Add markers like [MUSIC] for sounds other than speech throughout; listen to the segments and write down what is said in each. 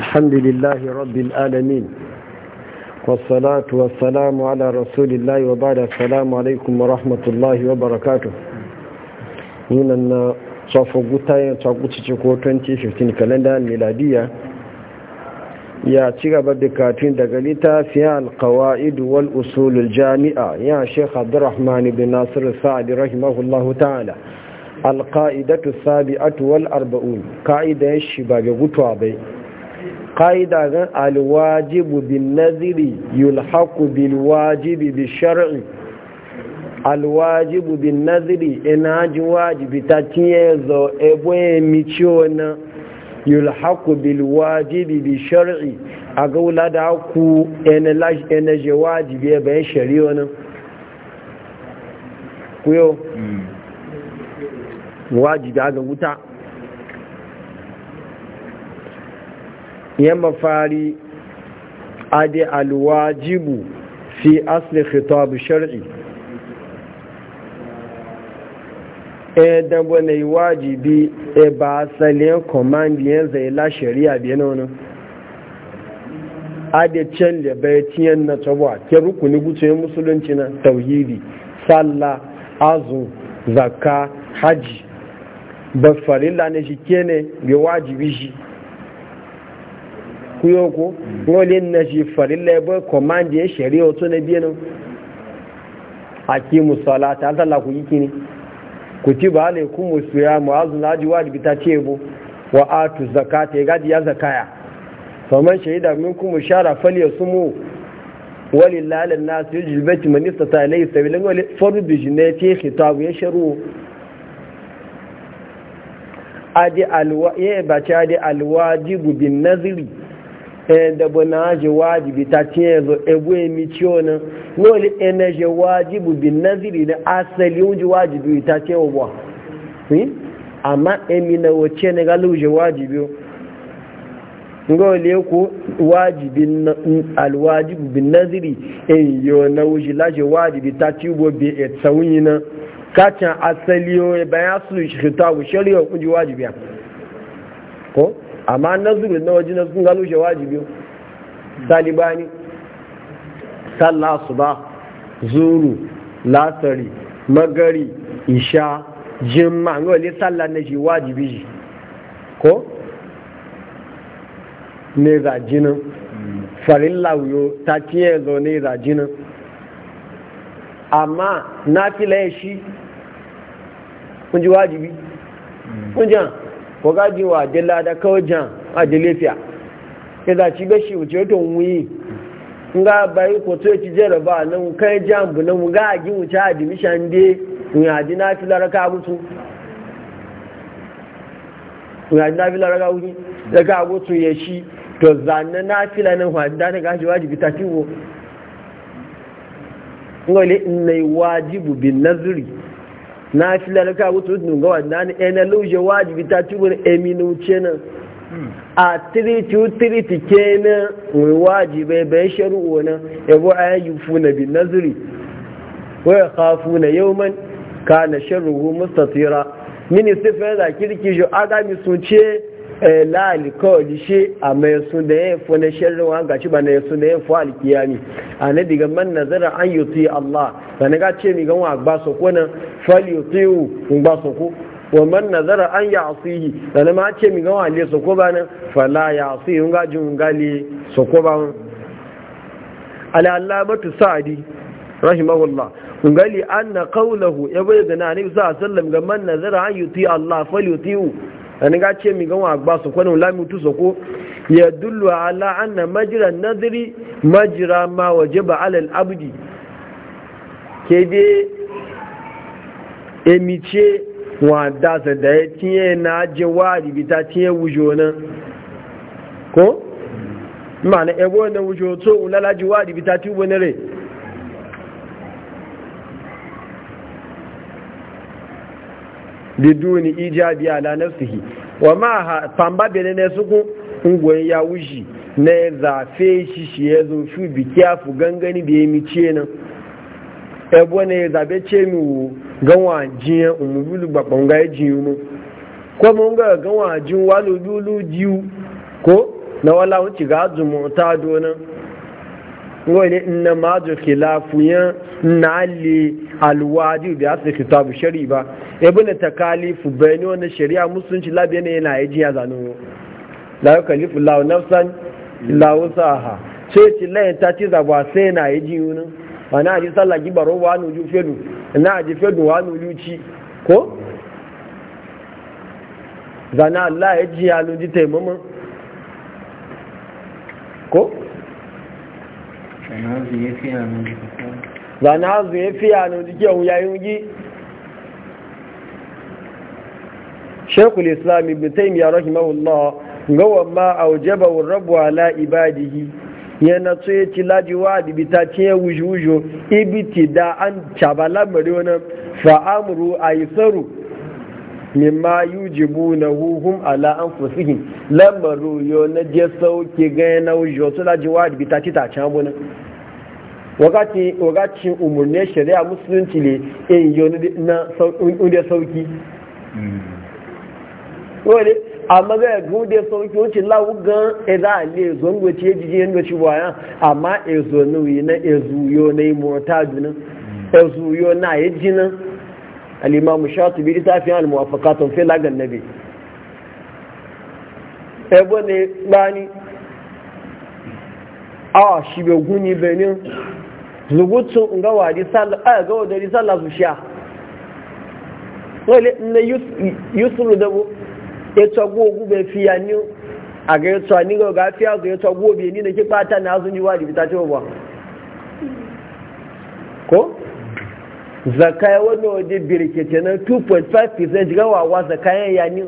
الحمد لله رب العالمين والصلاة والسلام على رسول الله ya ci gaba da katin daga littafin alkawa'id wal usulul jami'a ya sheikh abdurrahman ibn nasir sa'adi rahimahullahu ta'ala alka'idatu sabi'atu wal arba'un ka'idan shi ba ga gutuwa bai ƙa'ida gan alwajibu bin naziri yulhaku bil wajibi bi shar'i alwajibu bin naziri ina ji wajibi ta tiye zo ebe mi ciwo na yulhaku bil wajibi bi a je e mm. wajibi a ga wuta ya mafari adi alwajibu fi asli khitab shar'i e dambo na wajibi e ba asalin komandi yan zai la shari'a biyan wani adi can da bai tiyan na tabuwa ke rukuni gucin musulunci na tauhidi sallah azu zakka haji ba farilla ne shi kene bi wajibi shi kuyoko ko le na shi farilla ba command ya shari'a to na biyan hakimu salata Allah talla ku yi kini kutiba alaikum siyamu azun aji wajibi ta ce bu wa atu zakata ga gaji zakaya to man shahida minkum shara falyasumu walillahi lin-nas yujil baiti man istata ilayhi sabilan wal fardu jinati khitab yashru adi alwa ya bace adi alwajibu bin nazri da bunaji wajibi ta ce zo ebu emi ciwo nan nole energy wajibu bin naziri na asali wuji wajibi ta ce wa emina emi na wace ne ga luje wajibi ngole ku wajibin alwajibu bin naziri in na wuji laje wajibi ta ci bi e tsawuni na kacin asali yo bayan su shi ta wuce riyo kunji ko amma nazumin na waje na sun gano shi wajibi salibani sallah ba zuru lasari magari isha jimma ga wale sallah na shi wajibi shi ko ne za jinin farilla wuyo ta ciye zo ne za jinin amma na filaye shi kun ji wajibi kun ji wagaji wa dila da kawajan a dilifiya ya zaci bashi wuce to wuyi nga bayi ko to ci ba nan kai jambu nan ga gi wuce a dimishan de mun yaji na fi laraka butu mun yaji na fi laraka mutu daga butu ya shi to zanna na fi lanin da daga shi wajibi ta tiwo ngole nai wajibu bin nazri na fi lalaka wutu wutu ga ena ene luje wajibi ta tubur eminu kenan a tiriti tiriti kenan wai wajibi bai sharu'o nan yabo ayyufu na bin nazri wa yakhafuna yawman kana sharruhu mustatira mini sifa da kirki jo adami sun ce lali shi a mai su da ya fi na shirin wa gashi ba na su da ya fi alkiyami a na diga man nazara an yi tuyi Allah ba na gace mi gan wa ba su ko nan fali tuyu in ba su ko wa man nazara an ya asihi da na ma ce mi gan wa le su ko ba nan fala ya asihi in gaji in gali su ko ba al'allamatu sa'adi rahimahullah ngali anna qawluhu ya bayyana nabi sallallahu alaihi wasallam ga man nazara an yuti Allah falyuti'u ani ga ce mi ganwa ba su kwanin lami tu soko ya dullu ala anna majira nadiri majira ma waje ba alal abdi ke de emice wa dasa da ya e tiye na je wa ribita tiye wujo nan ko ma'ana ebo na wujo to ulala ji wa ribita ti wani rai biduni ijabi ala nafsihi wa ma famba bene ne suku ngwe ya wuji ne zafe shi shi ya zo shu bi kiafu gangani bi mi cena ebo ne zabe cenu ganwa jiye umubulu gbagbonga e jiyu mu ko mun ga ganwa jin walu lulu jiyu ko na wala wuci ga azumu ta donan wani inna ma zu khilafu ya nali alwadi bi asli kitab shari ba ibn takalifu bayani wannan shari'a musulunci labi ne yana yi jiya zanen la yau kalifu lau nafsan lau saha sai ci layin ta ci zaba sai na yi ji yunin ba na ji sallah gibaro wa nuju fedu na ji fedu wa nuju ci ko zana Allah ya ji ya nuji taimamin ko zana hazu ya fiya nuji ke wuyayin gi شيخ islam ابن taimiyya رحمه ga wamma ما rabu الرب على yana so ya ci lajiwa وجوجو bita ce ya wujo ibiti da an caba lamari wani fa'amuru a yi tsaro mimma yujibu na huhu ala an fusihin lamaru yo na da umarni shari'a musulunci ne in yi na sauki hmm. wani amma ga yagu da ya sauki wuce lawu gan eza ale zo ngo ci jiji amma ezo nuyi na ezuyo na imota dunan ezuyo na na al-imam shatibi littafin al-muwafaqatun fi lagan nabi ebo ne bani a ah, shi be guni benin zugutsu nga wadi sallah a ga wadi sallah su sha wale na etsɔgbó ogun bɛ fi ya ni aga etsɔ ga oga fi azɔ etsɔgbó obi eni neke kpata na azɔ nyiwa alibi ta ti o bɔ ko zakaya wani ɔdi birikete na two point five percent ga wa wa zakaya ya ni.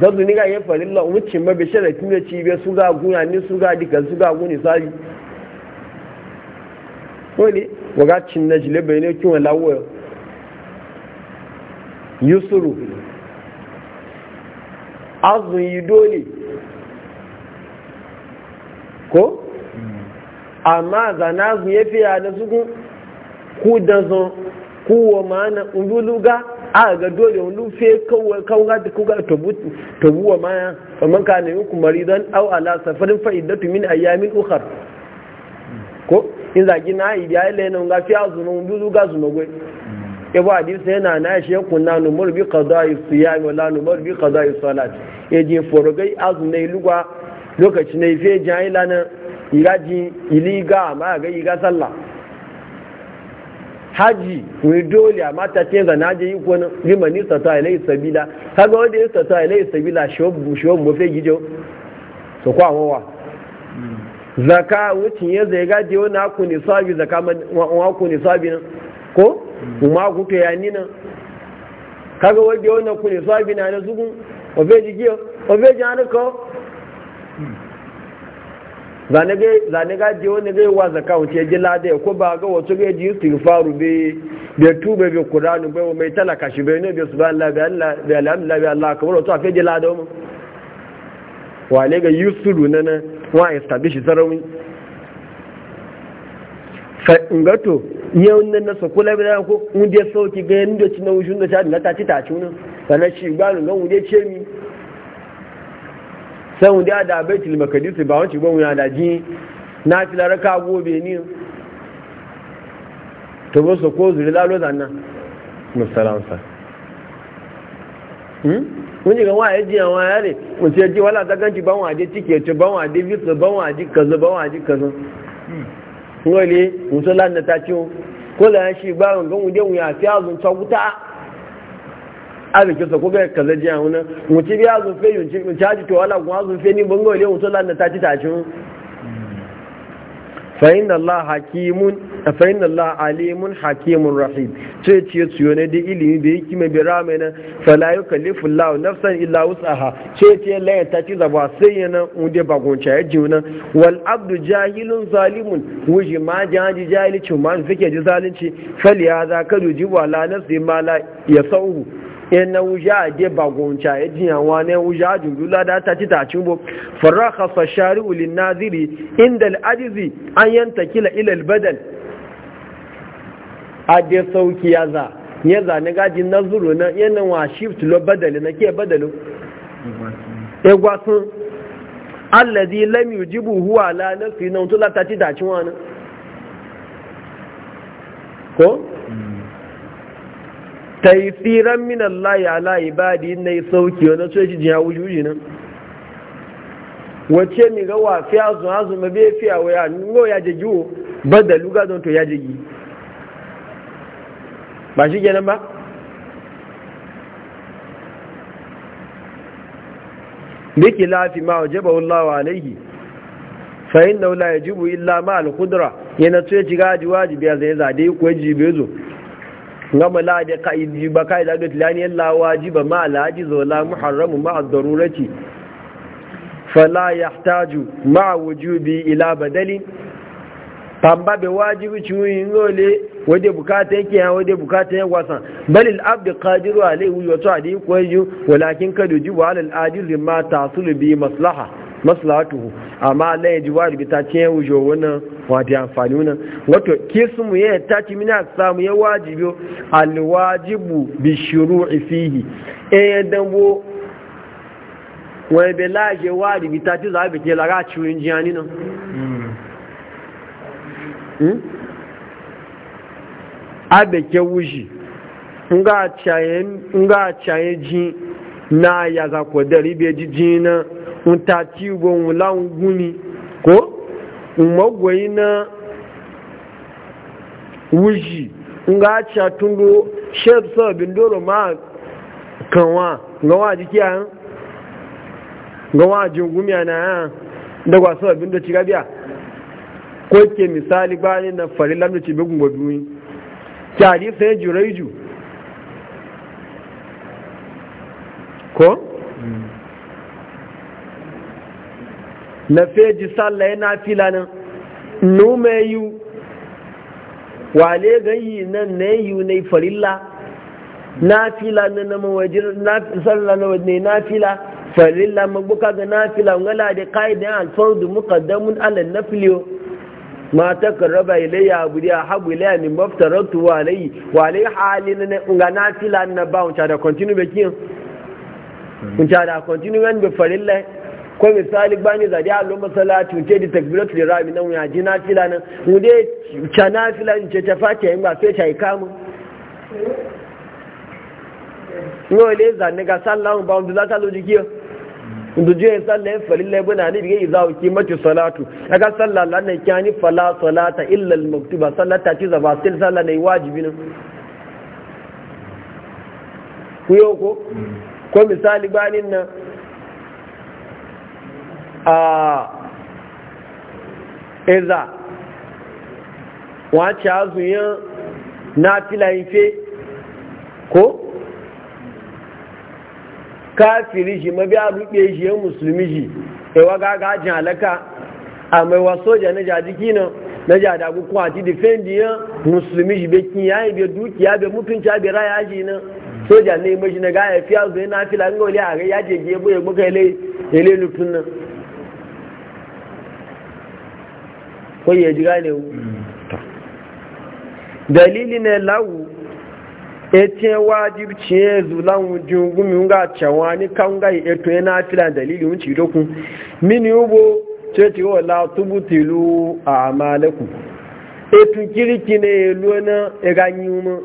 zazu ni ga yin farilla wucin mabe sharafi ne ci bai su ga gunya ni su ga dika su ga guni sabi wani wagacin na jile bai ne kiwon lawoyo yusuru azun yi dole ko amma zana azun ya fiya na suku ku da zan kuwa ma'ana ululuga a ga dole wani fe kawai da kuka tabuwa maya kamar ka nemi kumari don au ala safarin fa'idatu min ayyamin ukhar in zagi na ibi ayile na nga fiya zuna ndu zuga zuna gwe ibu hadisi yana na shi kunna numar bi qada siyam wala numar bi qada salat eje forogai azuna ilugwa lokaci ne fe jahila na iraji iliga amma ga iga sallah haji wani dole a mata ce na je yi na, limani sata ilai sabila kaga wanda ya sata ilai sabila shi wa mafi gijo su kwa wawa hmm. zaka wucin ya zai gaje wani aku ne sabi zaka waku ne sabi nan ko kuma aku to ya nina kaga wadda wani aku ne sabi na na zugun obeji giyo obeji hannu ko zane gaje wani zai wa zaka wuce ya ji lada ya ko ba ga wato ga ji su faru be tuba be kuranu be mai talaka shi be ne su subhanallah be allah be alhamdulillah allah kamar wato a fe ji lada wani wale ga yusuru nana wa establish zarawi fa ngato yau nan na so kula da ko mun sauki ga yanda ci na wujun da sha ta ci ta ci nan sanan shi ba nan mun dai ce mi sai mun dai da baitul maqdis ba wanci ba ya da ji na fi laraka gobe ni to ba so ko zuri lalo zanna musallansa hmm wọ́n yìí kan wọ́n àyẹ́jì àwọn ará rẹ̀ kò sí ẹjí wọ́n látàkànjì bá wọn àdé tíkì ẹ̀tọ́ bá wọn àdé vítọ̀ bá wọn àdé kànzọ́ bá wọn àdé wọ́n lè wùsọ́ lánàta tí ó kó lè ṣe gbárùn gan fa'in Allah hakimun fa'in Allah alimun hakimun rahim ce ce ne da ilimi da yake mai bira mai nan fala yukallifu Allah nafsan illa wus'aha ce la ta zaba sai yana unde bagunta ya ji wal abdu jahilun zalimun wuji ma jahi jahilci ma suke ji zalunci fal ya za ka duji wala nafsi ma la ya sauhu ina wuja a ge bagonca ya ji yawa ne wuja a jundula da ta ci tacin bo farraka fashari ulin naziri inda al'ajizi an yanta kila ilal badal a ge sauki ya za ya za ni gaji nazuru na yana wa shift lo badali na ke badalo egwasun allazi lam yujibu huwa la nafsi na mutula ta ci tacin wani ko taisiran min minan layi ala ibadi na yi sauki wani so shi jiya wuji wuji nan wace mi ga wafi azu azu ma bai fiya waya ngo ya jagi wo da luga don to ya jagi. ba shi kenan ba biki lafi ma wajaba wallahu alaihi fa wula ya jibu illa ma alkudura yana so ci gaji wajibi ya zai zade ko yajibi zo gama la da ka'idi ba ka'ida ga tilani yalla wajiba ma alhaji zola muharramu ma ad-darurati fala yahtaju ma wujubi ila badalin tamba be wajibi ciwin ngole wode bukata yake ya wode bukata ya wasan bal al abd qadiru alayhi wa ta'ali kwaju walakin kadu ji wal al ajil ma tasul bi maslaha maslahatu amma la yajwar bi ta ce wujo wannan wadi amfani wannan wato kismu ya taci mina samu ya wajibo alwajibu bi shuru'i fihi e danbo wai be laje wadi bi taci za bi ke lara ciwon jiyani nan hmm. hmm? abe ke wuji nga chayen nga chayen ji na ya za ko dari be ji jina un taci go un la un guni ko magwai na wuji nga acha tundu shef so bin ma kanwa nga a jiki an nga wa jungumi ana da kwa so bin do ciga biya ko ke misali bani na farilan do cibe gungo duwi tari sai juraiju ko na feji sallah yana filanin nume yu wale ganyi nan na yi na farilla na filanin na na mawajir sallah na wajen na fila farilla magbuka ga na fila ngala da kaidan alfardu muqaddamun ala nafliyo ma ta karraba ilayya abu da habu ilayya min maftaratu wa alayhi wa alayhi halin ga na fila na ba wuce da continue bakin hmm. wuce da continue wani farilla ko misali bani zari a lo masalatu ce di takbiratu da rami nan ya ji nafila nan mu dai ca nafila ce ta fata yin ba sai ta yi kamun ngo le zanne ga sallahu ba da ta lo jikiyo ndujo yin sallah falin laibu na ne diga ki mace salatu aka sallah la nan kyani fala salata illa al maktuba sallata ci zaba sil sallah ne wajibi nan ku yoko ko mm. misali banin nan a ah, eza wace azuyin na filayife ko kafiri shi a ruɓe shi yan musulmi shi ewa gagajin halaka a mai na jajiki nan na jadagu kuma ti defendi yan musulmi shi bekin yayi be dukiya be mutunci be raya shi nan soja ne mashi na gaya fiya zuwa na fila ngoli a ga yaje gebo ya buka ile lutun nan ko ya ji gane wu mm, dalili ne lawu ete wajibci ya e zula wujin gumi ga cewa ni kan gai eto yana e fila dalili wunci dokun mini ubo ce ce wa la tubutilu a amalaku eto kirki ne e lona ya ganyi mu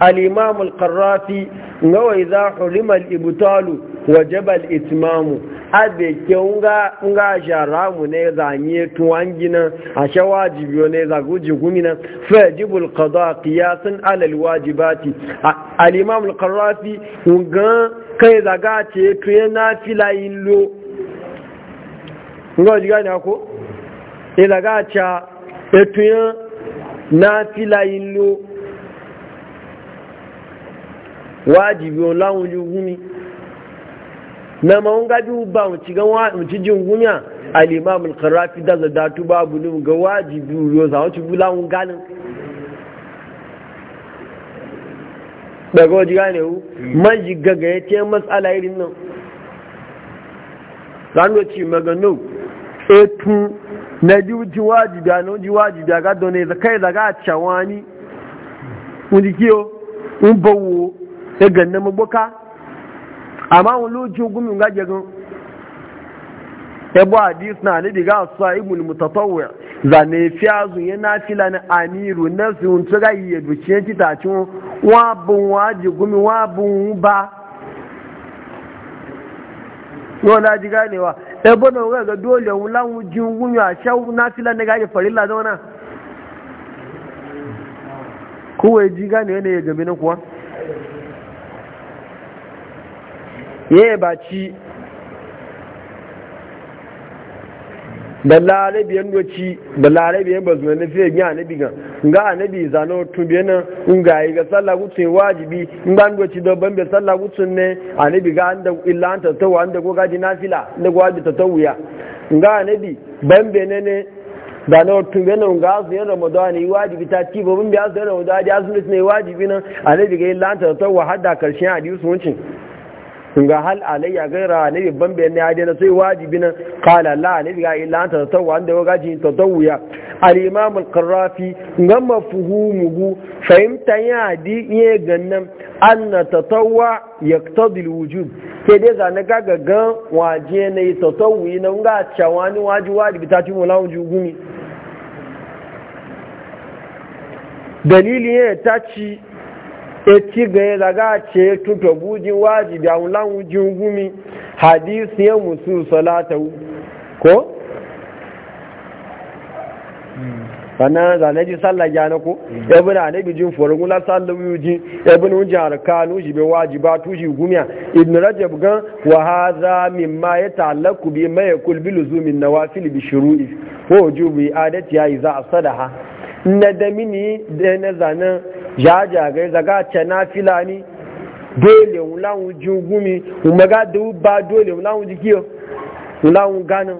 al-imam al-qarrafi ngawa idza hurima al-ibtalu wajaba al-itmamu abe ke nga nga jara mu ne zanye tuwangi nan a sha wajibi ne za guji gumi nan fajibu qada qiyasan ala wajibati al-imam al-qarrafi nga kai zaga ce tuye na fila illo nga ji gani ko e zaga cha e tuye na fila illo wajibi on lawun ju gumi na mawunga bi ba mu ci ganwa mu ci jin gunya al-imam al-qarafi da ba babu ne ga wajibi yo za wuci bula mun galin daga waje gane wu hmm. man ji gaga ya ce matsala irin nan zanu ci magano etu na ji wuci wajibi na ji wajibi ga don ne kai zaga a cawani mun ji kiyo mun bawo ya ganna maboka amma wani lokacin gumin gaje gan ebo hadis na ne diga sa ibul mutatawwi za ne fiyazu ya nafila na amiru na sun tuga yi dukiye titacin wa bun waji gumi wa bun ba yau na ji ganewa ebo na wuga ga dole wulan wujin gumi a sha nafila na gaje farilla zauna kowai ji ganewa ne ya gabe na kuwa yaya ba ci da larabiyan doci da larabiyan ba zuwa nufi yin anabi ga ga anabi zano biyan nan in ga yi ga sallah gutsun wajibi in ba doci da ban bai sallah gutsun ne anabi ga anda illa an tattawa anda ko gaji nafila da ta ta tattawiya ga anabi ban bai ne ne zano biyan nan ga azumin ramadan yi wajibi ta ci ba ban bai azumin ramadan ya azumin ne wajibi nan anabi ga illa an tattawa har da karshen hadisi wuncin ga hal alayya gaira annabi ban bayan ya dena sai wajibi nan qala la annabi ga illa anta tawwa anda ga jin tatawuya al imam al qarafi ngam mafhumuhu fahimta ya di ye gannan anna tatawwa yaqtadi al wujub ke dai za na ga ga waje ne tatawuyi nan ga chawani waji wajibi ta tumu mulawun jugumi dalili ya ta ci eti ganye daga ce tuto bujin wajibi a wulan gumi hadisi ya musu salatu ko? wannan zanaji sallah gyana ko yabi mm. na nabi jin forin wula sallah yuji yabi na wujin arkanu shi bai wajiba tushi gumiya ibn rajab gan wa hadha mimma yata'allaqu bi ma yaqul bi luzumin nawafil bi shuru'i wa wujubi adati ya iza asadaha na da mini da na zanen jajagai zaga ce na filani dole wulawun jin gumi umaga da ba dole wulawun jikiyo wulawun ganin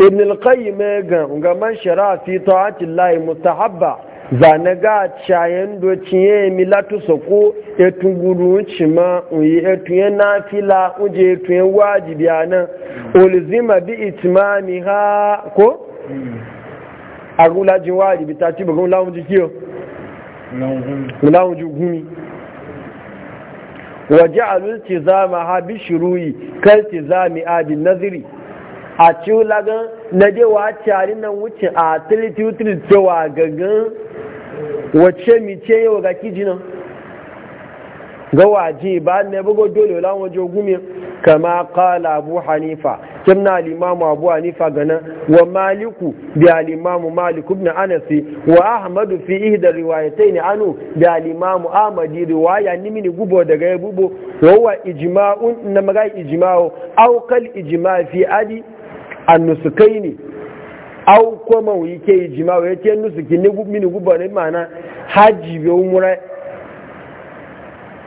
ibn al-qayyim ga ga man shara fi ta'ati llahi mustahabba zanaga chayen do chiye milatu soko etunguru chima uyi etuye nafila uje etuye wajibi ana ulzima bi ha ko agúnlá jí wá ìdìbí ta tí bọ̀gán láwọn jí kí o láwọn jí zama wàjẹ́ àlúntì záàmà ha bí ṣìrú yìí kẹ́ntì záàmì àbí naziri a ci lagan na dewa cari nan wucin a tilitutri cewa gangan wacce mi ce yau ga kiji nan ga waje ba ne bugo dole lawan waje gumi kama kala abu hanifa kimna na imam abu hanifa gana wa maliku bi alimamu maliku malik ibn anas wa ahmadu fi ihda ne anu bi alimamu amadi riwaya ni mini gubo daga gubo wa huwa ijma'un na magai ijma'u aw kal ijma' fi adi an Au aw kuma wike ijma'u yace nusuki ne mini gubo ne mana haji bi umra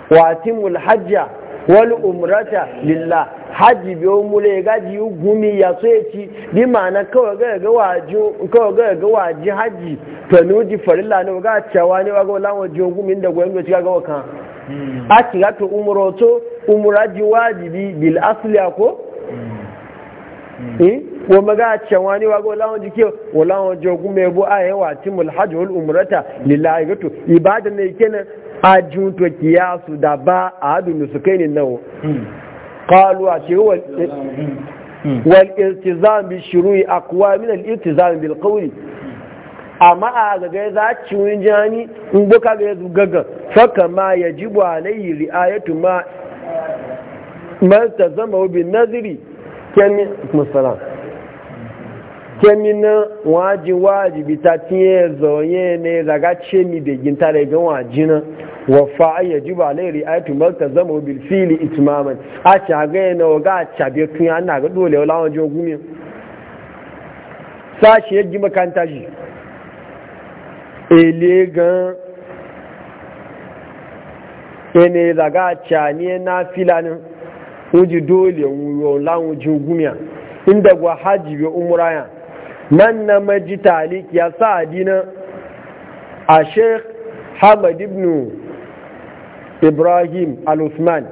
wa timul hajja wal umrata lillah haji biyo mule ga ji gumi ya so yaci bi ma'ana kawai ga ga waji kawai ga ga waji haji hmm. to nuji farilla ne ga cewa ne ga lan waji gumi da goyen ga ga kan a ci ga to umro to umraji wajibi bil asli ko eh hmm. ko maga hmm. cewa ne wa ga lan waji ke wa lan waji gumi bo ayi wa timul hajj wal umrata lillahi gato ibadan ne kenan ajin kiyasu da ba a hadu ne nawo قالوا هو والالتزام بالشروع al من الالتزام بالقول amma a gaga za ci wani jani in buka ga yazu gaga faka ma ya ji bu alayhi ri'ayatu ma man tazama bi naziri Kyanin, musalam kemina waji wajibi ta zoye ne daga ce mi da ginta da ga wajina wa fa'a yajibu alai ri'ayatu maltazamu bil fili itmaman a ci ga yana ga ci be tun ana ga dole gumi yaji makanta shi ele gan ene daga ci na filanin wuji dole wuyo lawon jin gumiya inda gwa man na maji taliki ya sa adina a sheikh hamad ibn ibrahim al-usman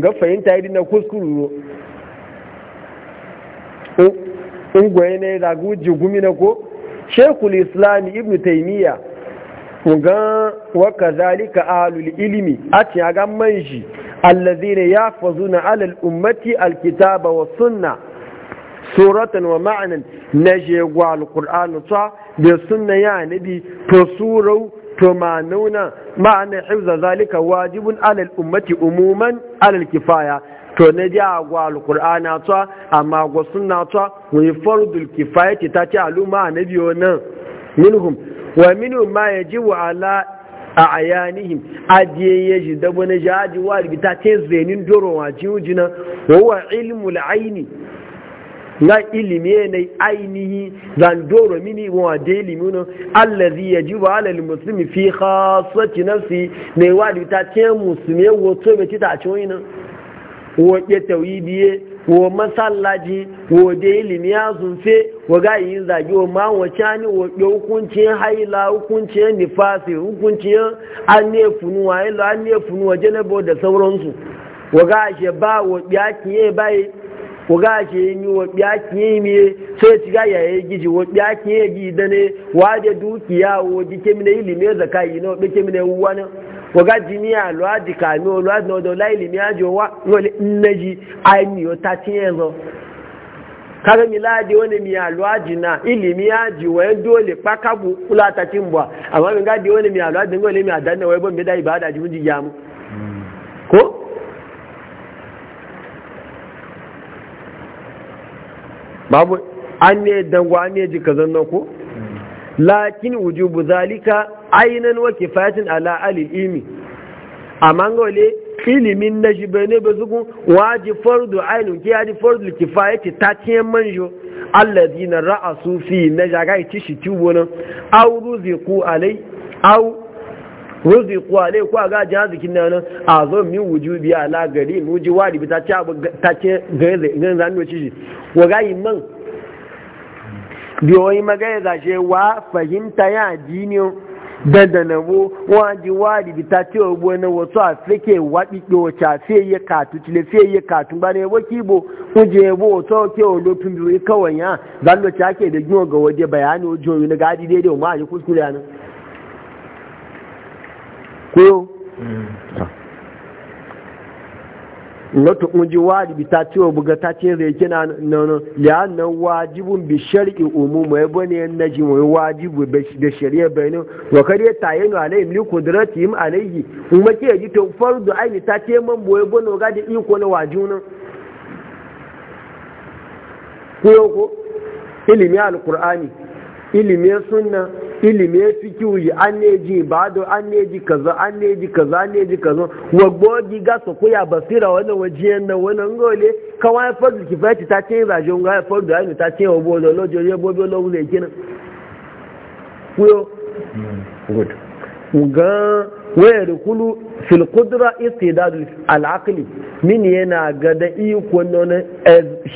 ga fahimta yi na kuskuru ingwaye ne raguji gumi na ko shekul islam ibn taimiyya ga waka zalika alul ilimi a cikin shi manji ne ya fazu na alal ummati alkitaba wa sunna suratan wa ma'anan na jegwa alkur'anu ta da suna ya nabi to surau to ma nuna ma'ana hifza zalika wajibin alal ummati umuman alal kifaya to na ji agwa alkur'ana ta amma gwa suna ta wani fardul kifaya ce ta ce aluma na biyo nan minhum wa minhum ma yajibu ala a ayanihim ajiye ya ji dabo na jaji wa rigita ce zainin dorowa jiwu jina wa ilmul aini na ilimi ne ainihi zan doro mini wa da ilimi no allazi yajibu ala almuslimi fi khassati nafsi ne wadi ta ce musulmi wato me ta ce wani wo ke tawidiye wo masallaji wo da ilimi ya fe wa ga yi zage wa ma wa chani wo do hukunci haila hukunci nifasi hukuncin an ne funuwa ila an ne jene bo da sauransu wa ga shi ba wa ya kiye waga ce yi wa biyaki yi miye sai ci ga yaye giji wa biyaki yi gi da ne waje dukiya wa jike mine ilimi zaka yi na wa bike mine wani waga jiniya lwa jika mi o lwa na da la ilimi ajo wa wale nnaji ai yi o ta tiye zo kaga ladi wani mi alwaji na ilimi aji wa dole pakabu kula ta timbwa amma mi ga di wani mi alwaji ngole mi adanna wa bo mi da ibada ji mun ji jamu ko babu an ne dangwa an ne jika zanna ko lakin wujubu zalika ainan wa kifayatin ala alil ilmi amma ga wale ilimin na shi bai ne ba zuku waji fardu ainihin ke yaji fardu kifaya ce ta ciyen manjo allazi ra'asu fi na jaga ci shi tubo nan au ruziqu alai au ruziqu alai ko ga jazikin nan a zo min wujubi ala gari mu wadi bi ta ci ta ce gari zan ci shi wagayi man biyoyi magaya zashe wa fahimta ya adiniyo dandanabo waji wari bita ce ogbo na wasu afirka wa ɗiɗo wace afiye ya katu cile fiye ya katu ba ne waki bo kuje yabo wasu ke olofin biyu e kawai ya zan da ake da gino ga waje bayani na gadi daidai ma a yi kuskure nan. Koyo? Mm. Ah. wato kunji wajibi ta ce wa buga ta ce zai kina nan ya nan wajibun bi shari'i umumu ya bane na ji mai wajibu da shari'a bayanin wa kare ta yi na alayhi li kudratihim alayhi kuma ke ji to fardu aini ta ce man boye bane ga da iko na wajuna ko ko ilimi alqur'ani ilimin sunna ilimi fikiu yi an ne ji ibado an ne ji kaza an ne ji kaza an ne ji kaza wa gogi ga su kuya basira wani wajiyan nan wannan gole kawai fadu kifaci ta ce zaje ga fadu da ni ta ce wa bodo lojo ye bodo lo ne kina kuyo hmm. good ga ويدخل في القدرة استعداد العقل من ينا غدا يكون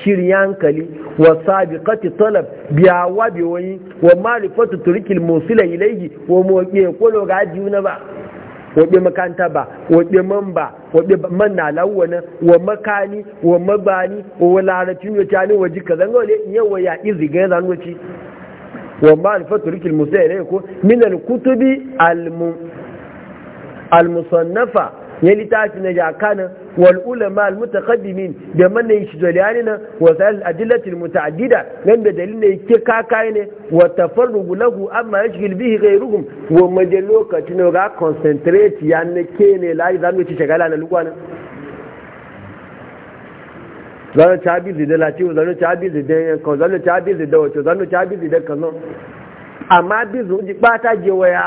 شريان كلي وسابقة الطلب بيعواب وي ومعرفة الطريق الموصلة إليه ويقول غاديون با wabe makanta ba wabe man ba wabe man na lawana wa makani wa mabani wa larabcin yota ne waji ka zanga wale yawa ya iziga ya zanwaci wa musa ya ko min kutubi al al-musannafa ya littafi na jakanin wal ulama al mutaqaddimin da manne shi zaliyani na wa sal adillati al mutaaddida nan da dalil ne ke kakai ne wa tafarrugu lahu amma yashghil bihi ghayruhum wa maje lokacin ga concentrate ya ne ke ne lai zamu ci shagala na lugwana zanu ta bi zida la ci zanu ta bi zida kan zanu ta bi zida wato zanu ta bi zida kan amma bi zuji bata je waya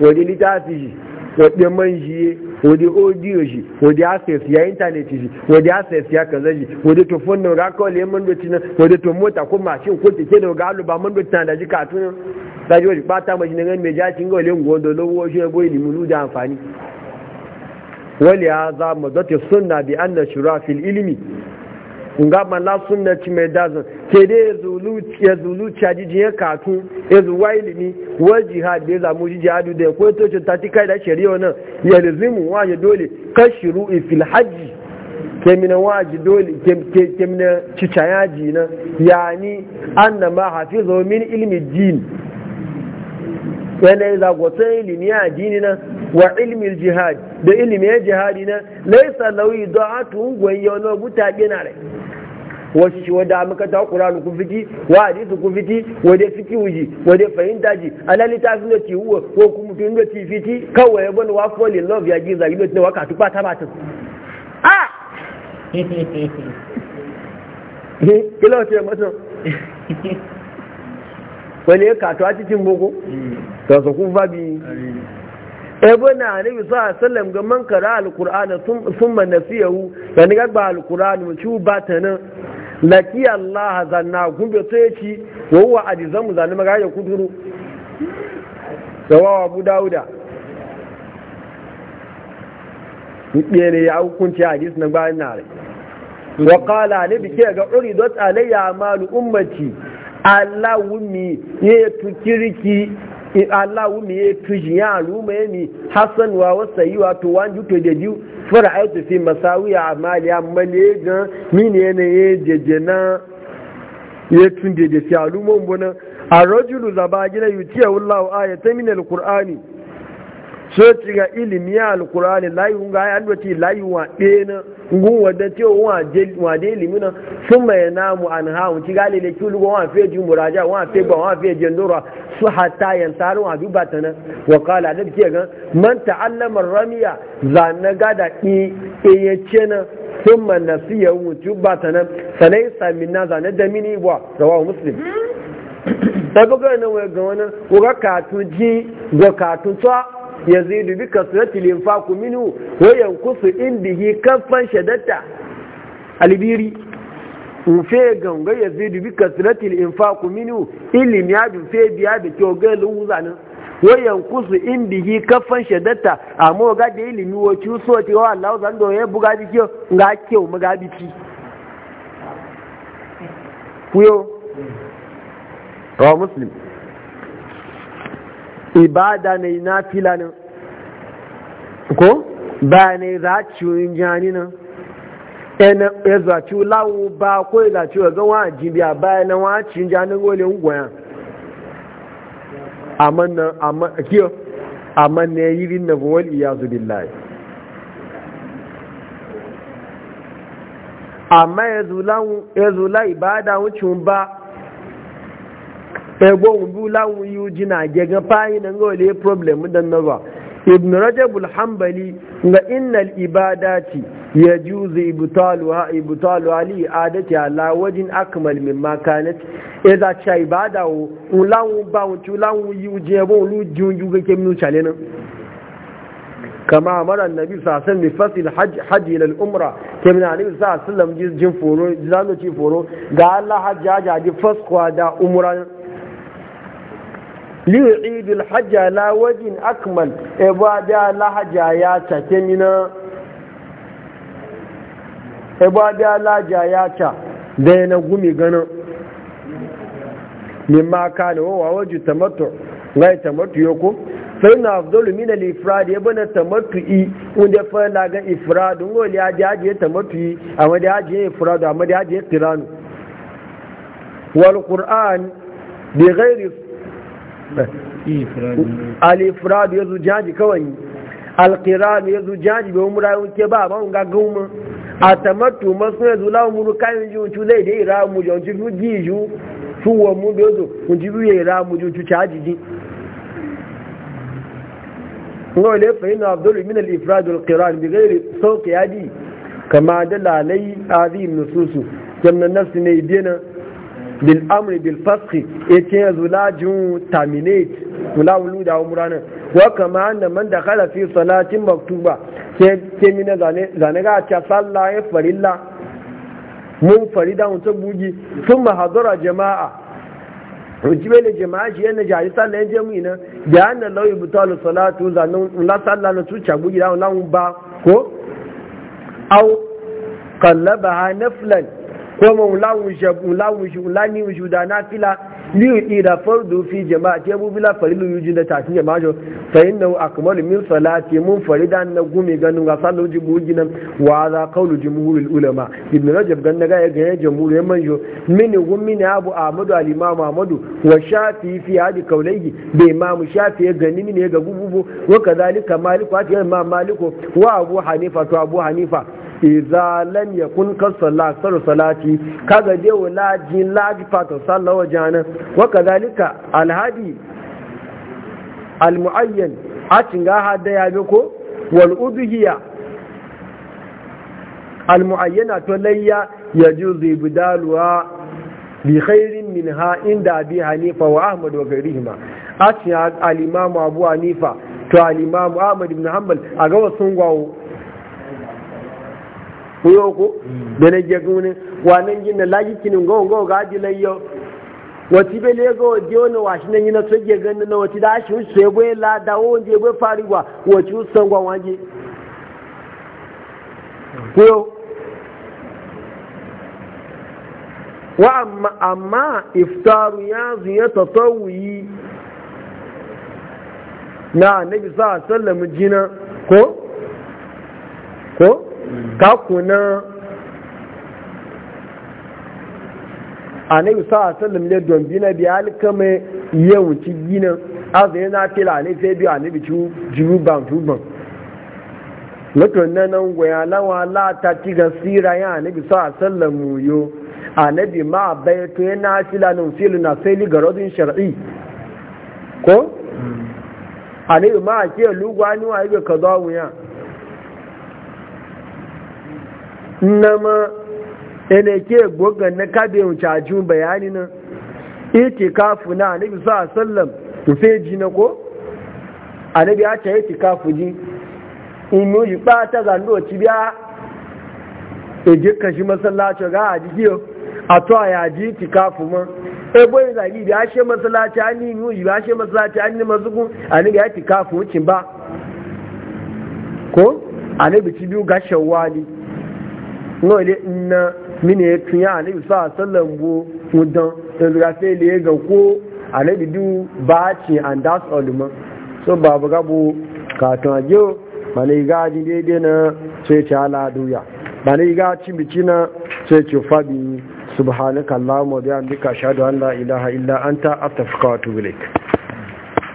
wani littafi shi wani man shi wani audio shi wani access ya internet shi wani access ya kaza shi wani to phone na ga kawai man doci nan wani to mota ko mashin ko keke da ga ba man doci da ji katun ta ji wani bata mai jinan mai jakin ga wani gondo lowo shi ya boye limunu da amfani wali ya za mu zata sunna bi anna shura fil ilimi nga ma la sunna ci mai dazan ke dai ya zulu caji ya katu ya e zuwa ilimi wa jihad ya zamu ji jihadu da ko e to ta ti kai da shari'a nan ya lazimu wa ya dole kashiru fil hajji ke mina waji dole ke ke mina cicayaji na yani annama hafizu min ilmi din yana e za ilimi a dini na wa ilimin jihadi da ilimin jihadi na laisa lauyi don hatu yau na, buta gina rai wasu shi wadda muka ta kura ku fiti wa hadisu ku fiti wadda fiki wuji wadda fahimta ji alali ta sun da ci huwa ko kuma tun da ci fiti kawai ya bani wa fall in love ya giza gido Na waka tuba ta batin a [LAUGHS] kila wace mutum wani ya kato a cikin boko ta hmm. su kufa bi ebe na anabi sa sallam ga man kara alkur'ana sun manasiyahu da ga gagba alkur'ani mu ci ba ta nan laki allaha zanna gumbe to ci wa a jizan mu zanna maga ya kuduru wawa bu Dawuda ne ya hukunci a jis na bayan na rai wa qala ne ke ga dot alayya malu ummati Allah wumi ya tukiriki Allah mi ye tuji ya ruma ya mi hassan wa wasa yi wa to wani to da ji fara aiki fi ya amali mali ya gan mini yanayi jeje na ya tun da da fiyalu bunan a rajulu zaba gina yutiya wallahu ayatan min alqur'ani so ti ga ilimi ya alkurani layu ga ya alwati layu wa ɗena ngun wadda ce wa de ilimi na sun mai namu an hawu ci gali da kyulu ga wa fe ji muraja wa fe ba wa fe jendora su hatta yan tsarin wa duba ta nan wa kala da ke gan man ta'allama ramiya na gada ki ce na sun ma nasiya mutu ba ta nan sanai samina na da mini wa rawahu muslim hmm? ta bugar na wai ga wani ko ga katun ji ga katun tsawa yazidu bi kasrati linfaqu minhu wa yanqusu indihi kaffan shadatta albiri ufe ganga yazidu bi kasrati linfaqu minhu ilmi ya bi fe biya da kyau ga luza nan wa yanqusu indihi kaffan shadatta amma ga da ilmi wo ci so ti wa Allah zan do ya buga dike ga kyau maga biki kuyo hmm. rawa muslim ibada ne na fila nan ko ba ne za ciwon jani nan ena ya e zaci lawo ba ko ya e zaci ga wa jibiya ba na wa cin janin gole ngwaya amma na amma kiyo amma ne yirin na wal iyazu billahi amma ya e zuwa ya zula ibada wucin ba egbon bula wuyu jina gegen fayi nan ga wale problem dan nawa ibn rajab al-hanbali ga innal ibadati ibutalu ha ibutalu ali adati ala wajin akmal mimma kanat idza e cha ibada wo ulawu ba wo ulawu yuje bo lu junju ga kemnu chale nan kama amara annabi sallallahu alaihi wasallam fasil hajj hajj ila al-umra kemna annabi sallallahu alaihi wasallam jin foro zalo ci foro ga Allah hajja ji fasqwa da umra liyu'idu alhajja la wajin akmal e ba da lahaja ya take mina e ba da lahaja ya ta da yana gumi ganin mimma kana wa waju tamattu ngai tamattu yoko sai na afdalu min al-ifrad ya bana tamattu'i wanda fa la ga ifrad ngo li aje aje tamattu'i amma da aje ifrad amma da aje tiranu wal qur'an bi ghairi alifiradu ya zu jaji kawai alkiranu ya zu jaji bai umura yawon ke ba ba ga gauma a tamattu masu ya zu lawon muru kayan ji wucu lai da ira mu ji wucu fi ji ju tuwa mu bai zo wucu fi ira mu ji wucu caji ji ngawai da ya fahimta abdullu min alifiradu alkiranu bi gairi sauƙi ya ji kama da lalai azim nususu jamnan nafsi ne biyana bil amri bil fasqi yace yanzu ya zula terminate kula wulu da umuranin wa kama annan man da kala fi salatin maktuba sai mina zane ga ta sallah ya farilla mun farida mun ta bugi sun hadara jama'a rujibe da jama'a ji yana jari sallah ya jami'i nan da annan lawi butal salatu zanun la sallah na tuca bugi da wani ba ko aw kallaba naflan ko mun lawun shi lawun shi lani wujudana fila liyu ida fardu fi jama'a ke bu bila farilu yuji da tafi jama'a jo fa inna akmalu min salati mun farida na gumi ganin ga sallu jibu wa za qawlu jumhurul ulama ibn rajab gan daga ga ya jumhur ya manjo min gumi ne abu ahmadu al imam ahmadu wa shafi fi hadi qawlayhi bi imam shafi ya gani ne ga gububu wa kadhalika malik wa imam maliku wa abu hanifa to abu hanifa idza lam yakun salati kaga dai wala wakazalika alhadi almu'ayyan a cinga hada ya bi ko wal almu'ayyana to layya ya ji yajuzu ibdaluha bi khairin ha inda bi hanifa wa ahmad wa ghairihima a cinga Alimamu, abu hanifa to Alimamu, imam ahmad ibn hanbal a ga wasu gwawo ko yoko da na je wa nan gina laji kinin gawo gawo ga ajilan yau wati be lego waje wani washi nan yana tsoge gani na wati da shi wuce ya bai lada wani ya bai fariwa wati wusan gwan waje kuyo wa amma amma iftaru ya zuya tatawuyi na nabi sa sallam jina ko ko kakuna annabi sallallahu alaihi wasallam ne don bina bi alkama yawan ci gina azai yana fila ne sai biyu annabi ci jiru ban tuban lutun nan nan goya lawa la ta ci ga sira ya annabi sallallahu alaihi wasallam yo annabi ma bai to yana fila nan filu na sai li garodin shar'i ko hmm. annabi ma ke lugwani wa ga kaza wuya nama ene ke gogan na kabe wucajun bayani nan itikafu na annabi sa sallam to sai ji na ko annabi ya ta itikafu ji inu yi ba ta zando ci biya e je shi masallaci ga aji jikiyo a to ya ji itikafu ma e boye yi biya she masallaci ani ni inu yi ba she masallaci ani ni mazuku annabi ya itikafu cin ba ko annabi ci biyu ga shawwali no ile na mini ya tunya anabi sa sallan mudan da sai le ga ko anabi du ba ci and that's all man so babu gabu ka to ajo mane ga ji daidai na sai ci ala duya mane ga ci bici na sai ci fabi subhanakallahumma wa bihamdika ashhadu an la ilaha illa anta astaghfiruka wa atubu ilaik